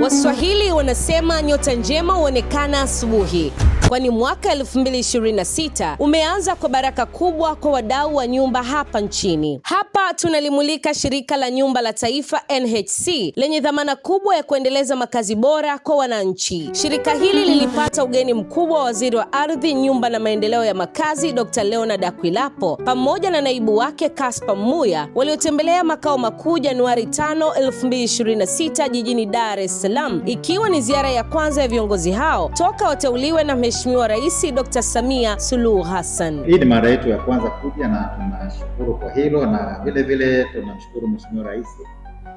Waswahili wanasema nyota njema huonekana asubuhi kwani mwaka 2026 umeanza kwa baraka kubwa kwa wadau wa nyumba hapa nchini. Hapa tunalimulika shirika la nyumba la taifa NHC lenye dhamana kubwa ya kuendeleza makazi bora kwa wananchi. Shirika hili lilipata ugeni mkubwa wa waziri wa ardhi, nyumba na maendeleo ya makazi Dr. Leonard Akwilapo pamoja na naibu wake Kaspa Muya waliotembelea makao makuu Januari 5, 2026 jijini Dar es Salaam, ikiwa ni ziara ya kwanza ya viongozi hao toka wateuliwe na Mheshimiwa Rais Dr. Samia Suluhu Hassan. Hii ni mara yetu ya kwanza kuja na tunashukuru kwa hilo, na vile vile tunamshukuru Mheshimiwa Rais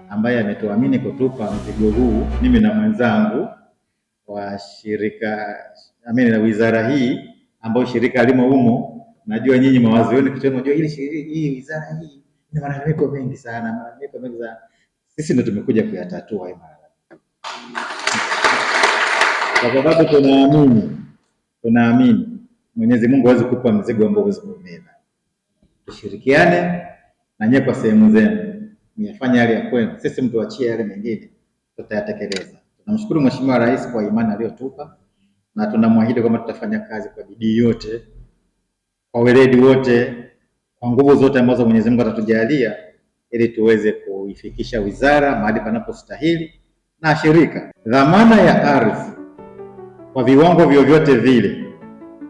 ambaye ametuamini kutupa mzigo huu, mimi na mwenzangu wa shirika amini na wizara hii ambayo shirika limo humo. Najua nyinyi mawazo yenu kichwani, najua hii hii wizara hii ina malalamiko mengi sana, malalamiko mengi sana. Sisi ndio tumekuja kuyatatua hayo malalamiko kwa sababu tunaamini Tunaamini Mwenyezi Mungu hawezi kukupa mzigo ambao huwezi kubeba. Tushirikiane na nyewe kwa sehemu zenu, niyafanye yale ya kwenu, sisi mtuachie yale mengine, tutayatekeleza. Tunamshukuru Mheshimiwa Rais kwa imani aliyotupa na tunamwahidi kwamba tutafanya kazi kwa bidii yote, kwa weledi wote, kwa nguvu zote ambazo Mwenyezi Mungu atatujalia ili tuweze kuifikisha wizara mahali panapostahili na shirika. Dhamana ya ardhi kwa viwango vyovyote vile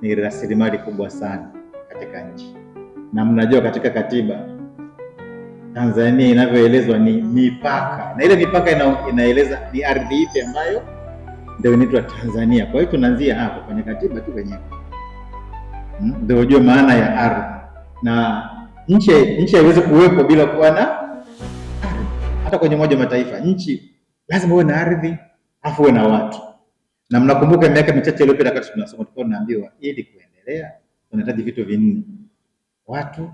ni rasilimali kubwa sana katika nchi, na mnajua katika katiba Tanzania inavyoelezwa ni mipaka, na ile mipaka ina, inaeleza ni ardhi ipi ambayo ndio inaitwa Tanzania. Kwa hiyo tunaanzia hapo kwenye katiba tu wenyewe hmm? ndio ujue maana ya ardhi, na nchi haiwezi kuwepo bila kuwa na ardhi. Hata kwenye Umoja wa Mataifa nchi lazima uwe na ardhi, afu uwe na watu na mnakumbuka miaka michache iliyopita wakati tunasoma tulikuwa tunaambiwa ili kuendelea unahitaji vitu vinne: watu,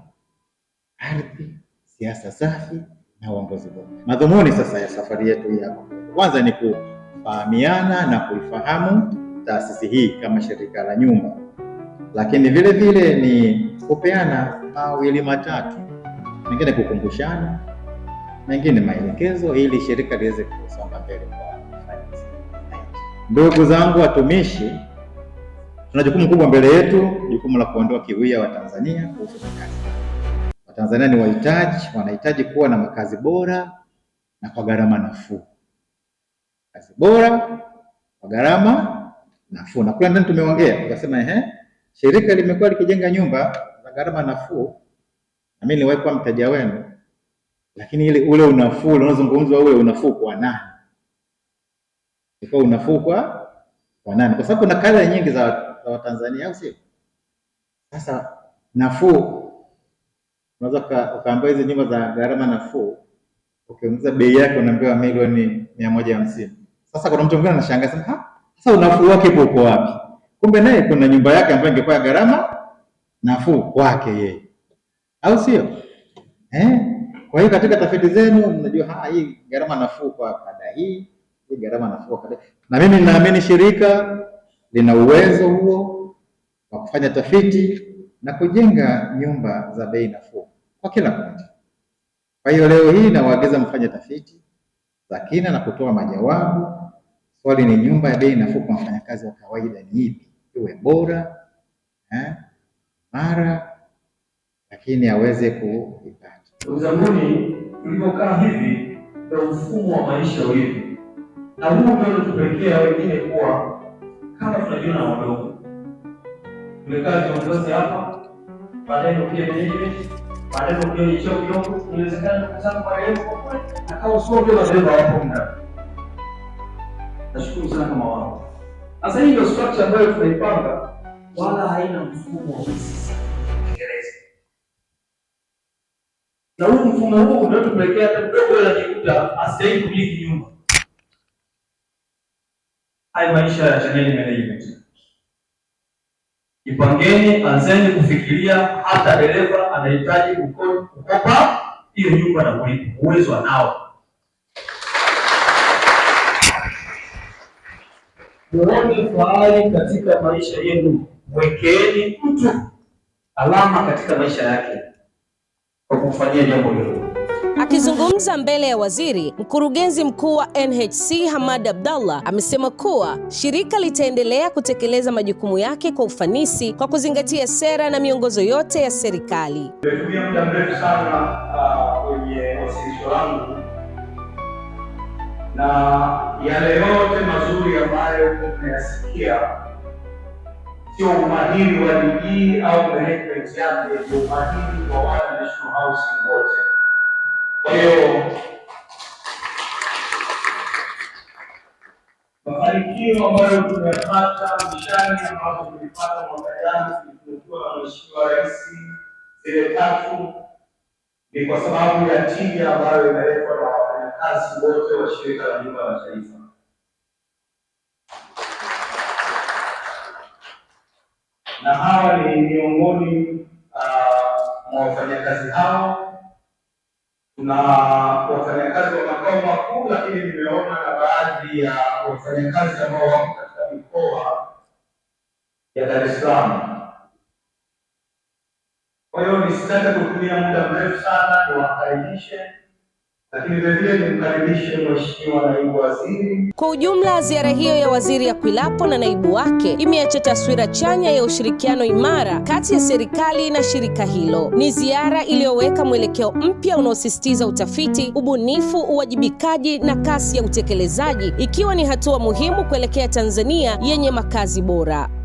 ardhi, siasa safi na uongozi bora. Madhumuni sasa ya safari yetu hii hapa kwanza ni kufahamiana na kuifahamu taasisi hii kama shirika la nyumba, lakini vile vile ni kupeana mawili matatu, mengine kukumbushana, mengine maelekezo, ili shirika liweze kusonga mbele kwa ufanisi. Ndugu zangu watumishi, tuna jukumu kubwa mbele yetu, jukumu la kuondoa kiwia Tanzania kuhusu makazi. Watanzania ni wahitaji, wanahitaji kuwa na makazi bora na kwa gharama nafuu. Makazi bora kwa gharama nafuu, na kule ndani tumeongea tukasema, ehe, shirika limekuwa likijenga nyumba za gharama nafuu, na mimi niliwahi kuwa mteja wenu, lakini ile ule unafuu unaozungumzwa ule unafuu kwa nani? kutoa unafuu kwa kwa nani? Kwa sababu kuna kada nyingi za Watanzania, au sio? Sasa nafuu, unaweza ukaambiwa hizi nyumba za gharama nafuu, ukiongeza bei yake unaambiwa milioni mia moja hamsini. Sasa kuna mtu mwingine anashangaa sasa, ah, sasa unafuu wake uko wapi? Kumbe naye kuna nyumba yake ambayo ingekuwa gharama nafuu kwake yeye, au sio eh? Kwa hiyo katika tafiti zenu mnajua ah, hii gharama nafuu kwa kada hii gharama nafuu. Na mimi ninaamini shirika lina uwezo huo wa kufanya tafiti na kujenga nyumba za bei nafuu kwa kila mmoja. Kwa hiyo leo hii nawaagiza mfanye tafiti za kina na kutoa majawabu. Swali ni nyumba ya bei nafuu kwa mfanyakazi wa kawaida ni ipi? Iwe bora eh, mara lakini aweze kuipata. Uzamuni tulipokaa hivi ndio mfumo wa maisha ulivyo na huu ndio wengine kuwa kama tunajiona wadogo. Tumekaa viongozi hapa, baadaye tunakuja management, baadaye tunakuja kwenye cheo kidogo, inawezekana kuzama marehemu akao sote wabeba wapo muda. Nashukuru sana kama wao. Sasa hii ndio structure ambayo tunaipanga, wala haina mfumo wa kisasa na huu mfumo huu ndio tupelekea hata mdogo anajikuta asiai kuliki nyuma haya maisha ya chaneli management. Ipangeni, anzeni kufikiria, hata dereva anahitaji kukopa hiyo nyumba na kulipa, uwezo anao. Muone fahari katika maisha yenu, wekeeni mtu alama katika maisha yake kwa kufanyia jambo hilo. Akizungumza mbele ya waziri, mkurugenzi mkuu wa NHC Hamad Abdallah amesema kuwa shirika litaendelea kutekeleza majukumu yake kwa ufanisi kwa kuzingatia sera na miongozo yote ya serikali. Nimetumia muda mrefu sana uh, kwenye wasilisho langu na yale yote mazuri ambayo tunayasikia sio umahiri wa ligi au yake, ni umahiri wa muhimu ambayo tumepata mishani ambao tulipata mwaka jana tulipokuwa na mheshimiwa rais zile tatu, ni kwa sababu ya tija ambayo imewekwa na wafanyakazi wote wa shirika la nyumba la taifa. Na hawa ni miongoni ah, mwa wafanyakazi hao, na wafanyakazi wa makao makuu, lakini nimeona na baadhi ya wafanyakazi ambao wako katika mikoa ya Dar es Salaam. Kwa hiyo nisitake kutumia muda mrefu sana, niwakaribishe kwa ujumla, ziara hiyo ya Waziri ya kwilapo na naibu wake imeacha taswira chanya ya ushirikiano imara kati ya serikali na shirika hilo. Ni ziara iliyoweka mwelekeo mpya unaosisitiza utafiti, ubunifu, uwajibikaji na kasi ya utekelezaji, ikiwa ni hatua muhimu kuelekea Tanzania yenye makazi bora.